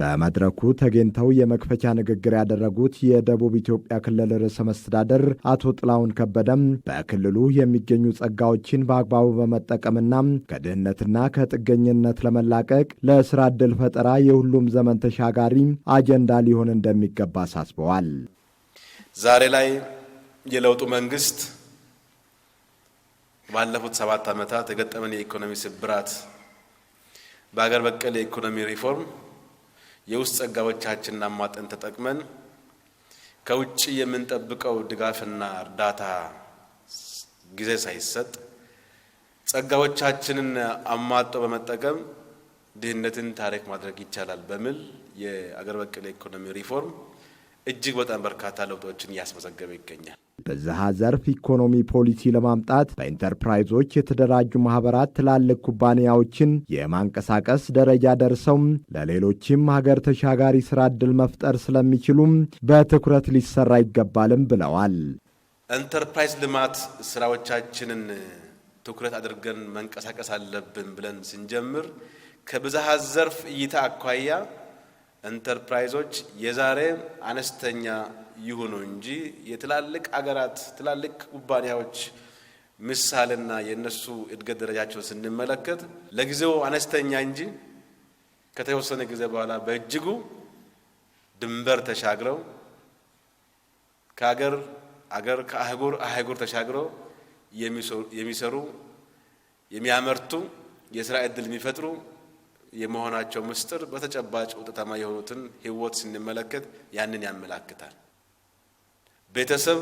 በመድረኩ ተገኝተው የመክፈቻ ንግግር ያደረጉት የደቡብ ኢትዮጵያ ክልል ርዕሰ መስተዳደር አቶ ጥላሁን ከበደም በክልሉ የሚገኙ ጸጋዎችን በአግባቡ በመጠቀምና ከድህነትና ከጥገኝነት ለመላቀቅ ለስራ ዕድል ፈጠራ የሁሉም ዘመን ተሻጋሪ አጀንዳ ሊሆን እንደሚገባ አሳስበዋል። ዛሬ ላይ የለውጡ መንግስት ባለፉት ሰባት ዓመታት የገጠመን የኢኮኖሚ ስብራት በአገር በቀል የኢኮኖሚ ሪፎርም የውስጥ ጸጋዎቻችንን አሟጠን ተጠቅመን ከውጭ የምንጠብቀው ድጋፍና እርዳታ ጊዜ ሳይሰጥ ጸጋዎቻችንን አሟጦ በመጠቀም ድህነትን ታሪክ ማድረግ ይቻላል በሚል የአገር በቀል ኢኮኖሚ ሪፎርም እጅግ በጣም በርካታ ለውጦችን እያስመዘገበ ይገኛል። በዚህ ዘርፍ ኢኮኖሚ ፖሊሲ ለማምጣት በኢንተርፕራይዞች የተደራጁ ማህበራት ትላልቅ ኩባንያዎችን የማንቀሳቀስ ደረጃ ደርሰው ለሌሎችም ሀገር ተሻጋሪ ስራ እድል መፍጠር ስለሚችሉም በትኩረት ሊሰራ ይገባልም ብለዋል። ኢንተርፕራይዝ ልማት ስራዎቻችንን ትኩረት አድርገን መንቀሳቀስ አለብን ብለን ስንጀምር ከብዝሃ ዘርፍ እይታ አኳያ ኢንተርፕራይዞች የዛሬ አነስተኛ ይሁኑ እንጂ የትላልቅ አገራት ትላልቅ ኩባንያዎች ምሳሌና የእነሱ እድገት ደረጃቸውን ስንመለከት ለጊዜው አነስተኛ እንጂ ከተወሰነ ጊዜ በኋላ በእጅጉ ድንበር ተሻግረው ከአገር አገር ከአህጉር አህጉር ተሻግረው የሚሰሩ የሚያመርቱ የስራ ዕድል የሚፈጥሩ የመሆናቸው ምስጢር በተጨባጭ ውጤታማ የሆኑትን ህይወት ስንመለከት ያንን ያመላክታል። ቤተሰብ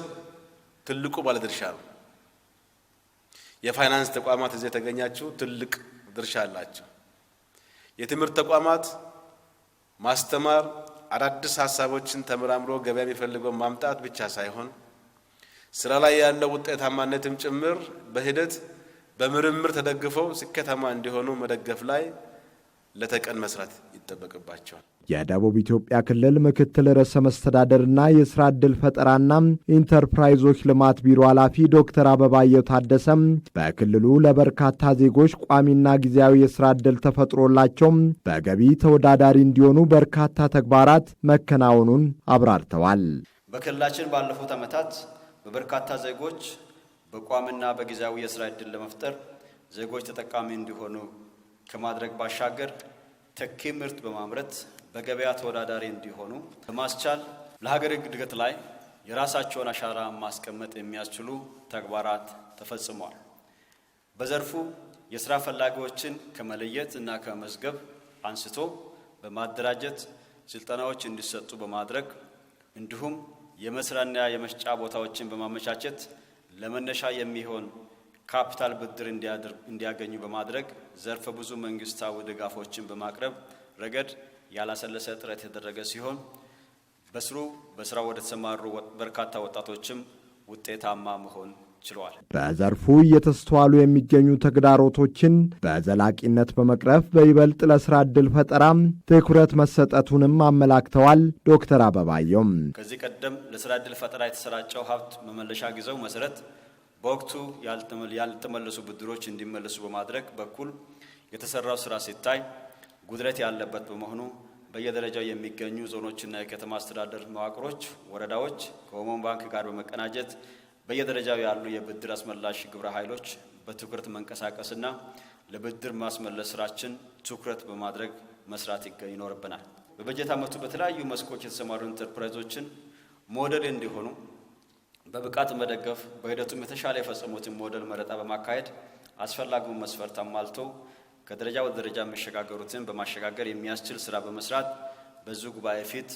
ትልቁ ባለድርሻ ነው። የፋይናንስ ተቋማት እዚህ የተገኛችሁ ትልቅ ድርሻ አላቸው። የትምህርት ተቋማት ማስተማር፣ አዳዲስ ሀሳቦችን ተመራምሮ ገበያ የሚፈልገውን ማምጣት ብቻ ሳይሆን ስራ ላይ ያለው ውጤታማነትም ጭምር በሂደት በምርምር ተደግፈው ስኬታማ እንዲሆኑ መደገፍ ላይ ለተቀን መስራት ይጠበቅባቸዋል። የደቡብ ኢትዮጵያ ክልል ምክትል ርዕሰ መስተዳደርና የስራ ዕድል ፈጠራና ኢንተርፕራይዞች ልማት ቢሮ ኃላፊ ዶክተር አበባየው ታደሰም በክልሉ ለበርካታ ዜጎች ቋሚና ጊዜያዊ የስራ ዕድል ተፈጥሮላቸው በገቢ ተወዳዳሪ እንዲሆኑ በርካታ ተግባራት መከናወኑን አብራርተዋል። በክልላችን ባለፉት ዓመታት በበርካታ ዜጎች በቋምና በጊዜያዊ የስራ ዕድል ለመፍጠር ዜጎች ተጠቃሚ እንዲሆኑ ከማድረግ ባሻገር ተኪ ምርት በማምረት በገበያ ተወዳዳሪ እንዲሆኑ በማስቻል ለሀገር እድገት ላይ የራሳቸውን አሻራ ማስቀመጥ የሚያስችሉ ተግባራት ተፈጽመዋል። በዘርፉ የስራ ፈላጊዎችን ከመለየት እና ከመዝገብ አንስቶ በማደራጀት ስልጠናዎች እንዲሰጡ በማድረግ እንዲሁም የመስሪያና የመሸጫ ቦታዎችን በማመቻቸት ለመነሻ የሚሆን ካፒታል ብድር እንዲያገኙ በማድረግ ዘርፈ ብዙ መንግስታዊ ድጋፎችን በማቅረብ ረገድ ያላሰለሰ ጥረት የተደረገ ሲሆን በስሩ በስራ ወደ ተሰማሩ በርካታ ወጣቶችም ውጤታማ መሆን ችሏል። በዘርፉ እየተስተዋሉ የሚገኙ ተግዳሮቶችን በዘላቂነት በመቅረፍ በይበልጥ ለስራ ዕድል ፈጠራም ትኩረት መሰጠቱንም አመላክተዋል። ዶክተር አበባየውም ከዚህ ቀደም ለስራ ዕድል ፈጠራ የተሰራጨው ሀብት መመለሻ ጊዜው መሰረት በወቅቱ ያልተመለሱ ብድሮች እንዲመለሱ በማድረግ በኩል የተሰራው ስራ ሲታይ ጉድለት ያለበት በመሆኑ በየደረጃው የሚገኙ ዞኖችና የከተማ አስተዳደር መዋቅሮች፣ ወረዳዎች ከሆሞን ባንክ ጋር በመቀናጀት በየደረጃው ያሉ የብድር አስመላሽ ግብረ ኃይሎች በትኩረት መንቀሳቀስና ለብድር ማስመለስ ስራችን ትኩረት በማድረግ መስራት ይኖርብናል። በበጀት ዓመቱ በተለያዩ መስኮች የተሰማሩ ኢንተርፕራይዞችን ሞዴል እንዲሆኑ በብቃት መደገፍ በሂደቱም የተሻለ የፈጸሙትን ሞዴል መረጣ በማካሄድ አስፈላጊውን መስፈርት አሟልቶ ከደረጃ ወደ ደረጃ የሚሸጋገሩትን በማሸጋገር የሚያስችል ስራ በመስራት በዚሁ ጉባኤ ፊት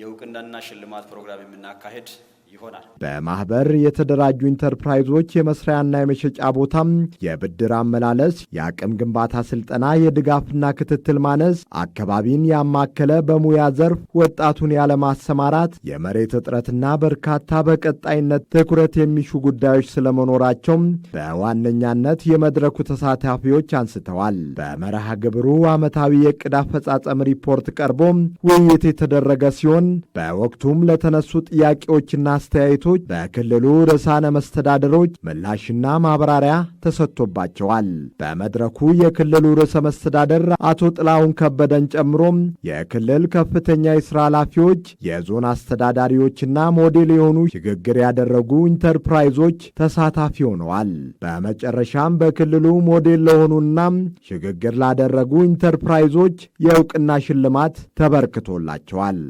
የእውቅናና ሽልማት ፕሮግራም የምናካሄድ ይሆናል። በማህበር የተደራጁ ኢንተርፕራይዞች የመስሪያና የመሸጫ ቦታም፣ የብድር አመላለስ፣ የአቅም ግንባታ ስልጠና፣ የድጋፍና ክትትል ማነስ፣ አካባቢን ያማከለ በሙያ ዘርፍ ወጣቱን ያለማሰማራት፣ የመሬት እጥረትና በርካታ በቀጣይነት ትኩረት የሚሹ ጉዳዮች ስለመኖራቸውም በዋነኛነት የመድረኩ ተሳታፊዎች አንስተዋል። በመርሃ ግብሩ ዓመታዊ የዕቅድ አፈጻጸም ሪፖርት ቀርቦም ውይይት የተደረገ ሲሆን በወቅቱም ለተነሱ ጥያቄዎችና አስተያየቶች በክልሉ ርዕሳነ መስተዳደሮች ምላሽና ማብራሪያ ተሰጥቶባቸዋል። በመድረኩ የክልሉ ርዕሰ መስተዳደር አቶ ጥላሁን ከበደን ጨምሮም የክልል ከፍተኛ የሥራ ኃላፊዎች፣ የዞን አስተዳዳሪዎችና ሞዴል የሆኑ ሽግግር ያደረጉ ኢንተርፕራይዞች ተሳታፊ ሆነዋል። በመጨረሻም በክልሉ ሞዴል ለሆኑና ሽግግር ላደረጉ ኢንተርፕራይዞች የእውቅና ሽልማት ተበርክቶላቸዋል።